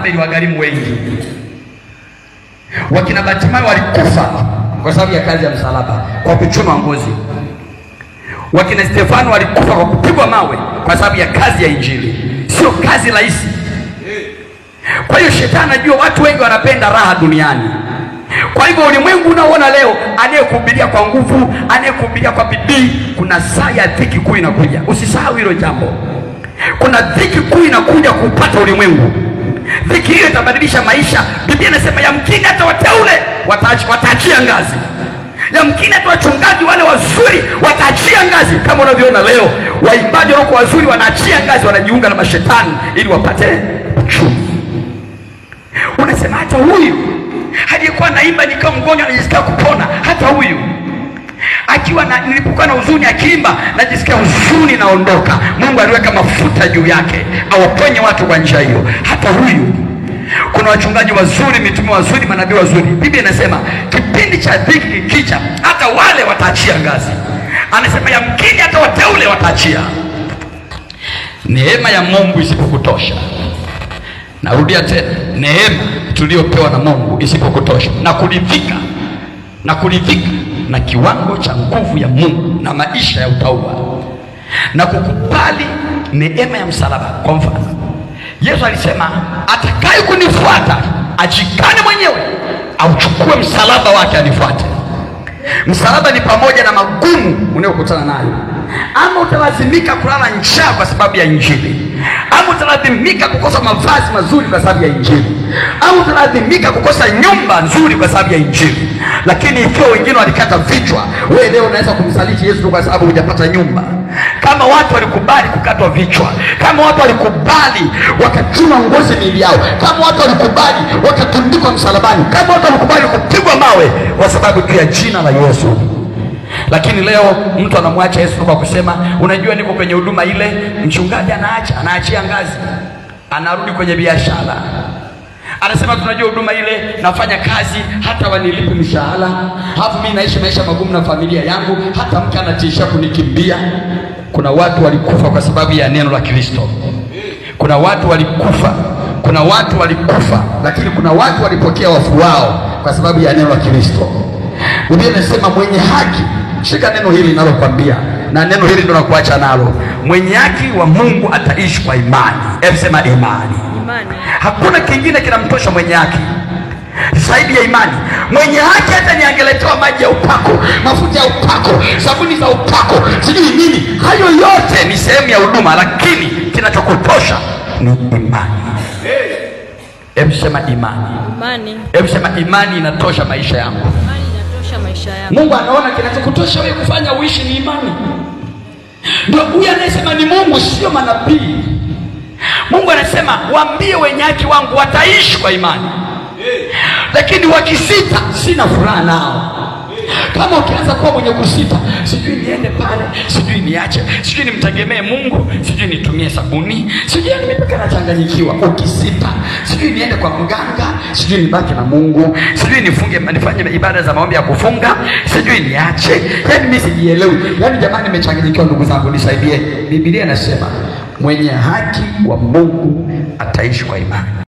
ni iliwagharimu wengi. Wakina Batimayo walikufa kwa sababu ya kazi ya msalaba, kwa kuchoma ngozi. Wakina Stefano walikufa kwa kupigwa mawe, kwa sababu ya kazi ya Injili. Sio kazi rahisi. Kwa hiyo shetani anajua watu wengi wanapenda raha duniani. Kwa hivyo ulimwengu unaoona leo, anayekuhubiria kwa nguvu, anayekuhubiria kwa bidii, kuna saa ya dhiki kuu inakuja. Usisahau hilo jambo. Kuna dhiki kuu inakuja kuupata ulimwengu. Dhiki hiyo itabadilisha maisha. Biblia inasema yamkini hata wateule wataachia ngazi, yamkini hata wachungaji wale wazuri wataachia ngazi, kama unavyoona leo waimbaji wako wazuri wanaachia ngazi, wanajiunga na mashetani ili wapate chumi. Unasema hata huyu aliyekuwa naimba nikiwa mgonjwa anajisikia kupona, hata huyu akiwa na nilipokuwa na huzuni akiimba, najisikia huzuni naondoka. Mungu aliweka mafuta juu yake awaponye watu kwa njia hiyo. Hata huyu kuna wachungaji wazuri, mitume wazuri, manabii wazuri. Biblia inasema kipindi cha dhiki kikicha, hata wale wataachia ngazi. Anasema yamkini hata wateule wataachia. Neema ya Mungu isipokutosha, narudia tena, neema tuliyopewa na Mungu isipokutosha na kuridhika na kuridhika na kiwango cha nguvu ya Mungu na maisha ya utauwa na kukubali neema ya msalaba. Kwa mfano, Yesu alisema atakaye kunifuata ajikane mwenyewe, auchukue msalaba wake anifuate. Msalaba ni pamoja na magumu unayokutana nayo, ama utalazimika kulala njaa kwa sababu ya Injili au utalazimika kukosa mavazi mazuri kwa sababu ya Injili, au utalazimika kukosa nyumba nzuri kwa sababu ya Injili. Lakini ikiwa wengine walikata vichwa, wewe leo unaweza kumsaliti Yesu kwa sababu hujapata nyumba. Kama watu walikubali kukatwa vichwa, kama watu walikubali wakachuma ngozi miili yao, kama watu walikubali wakatundikwa msalabani, kama watu walikubali kupigwa mawe kwa sababu ya jina la Yesu lakini leo mtu anamwacha Yesu kwa kusema, unajua niko kwenye huduma ile. Mchungaji anaacha, anaachia ngazi, anarudi kwenye biashara, anasema tunajua huduma ile, nafanya kazi hata wanilipi mshahara, halafu mimi naishi maisha magumu na familia yangu, hata mke anatisha kunikimbia. Kuna watu walikufa kwa sababu ya neno la Kristo. Kuna watu walikufa, kuna watu walikufa, lakini kuna watu walipokea wafu wao kwa sababu ya neno la Kristo. Biblia inasema mwenye haki Shika neno hili ninalokwambia, na neno hili ndo nakuacha nalo. Mwenye haki wa Mungu ataishi kwa imani. Hebu sema imani, imani. Hakuna kingine kinamtosha mwenye haki zaidi ya imani. Mwenye haki hata niangeletewa maji ya upako, mafuta ya upako, sabuni za upako, sijui nini, hayo yote ni sehemu ya huduma, lakini kinachokutosha ni imani. Hebu sema imani, imani. Hebu sema imani inatosha maisha yangu kutosha maisha Mungu anaona kinachokutosha wewe kufanya uishi ni imani. Ndio huyu anayesema ni Mungu, sio manabii. Mungu anasema waambie wenye haki wangu wataishi kwa imani, lakini wakisita, sina furaha nao. Kama ukianza kuwa mwenye kusita, sijui niende pale, sijui niache, sijui nimtegemee Mungu, sijui nitumie sabuni, sijui nimepika, yaani nachanganyikiwa. Ukisita, sijui niende kwa mganga, sijui nibaki na Mungu, sijui nifunge, nifanye ibada za maombi ya kufunga, sijui niache. Yaani mimi sijielewi. Yaani jamani, nimechanganyikiwa ndugu zangu, nisaidie. Biblia inasema mwenye haki wa Mungu ataishi kwa imani.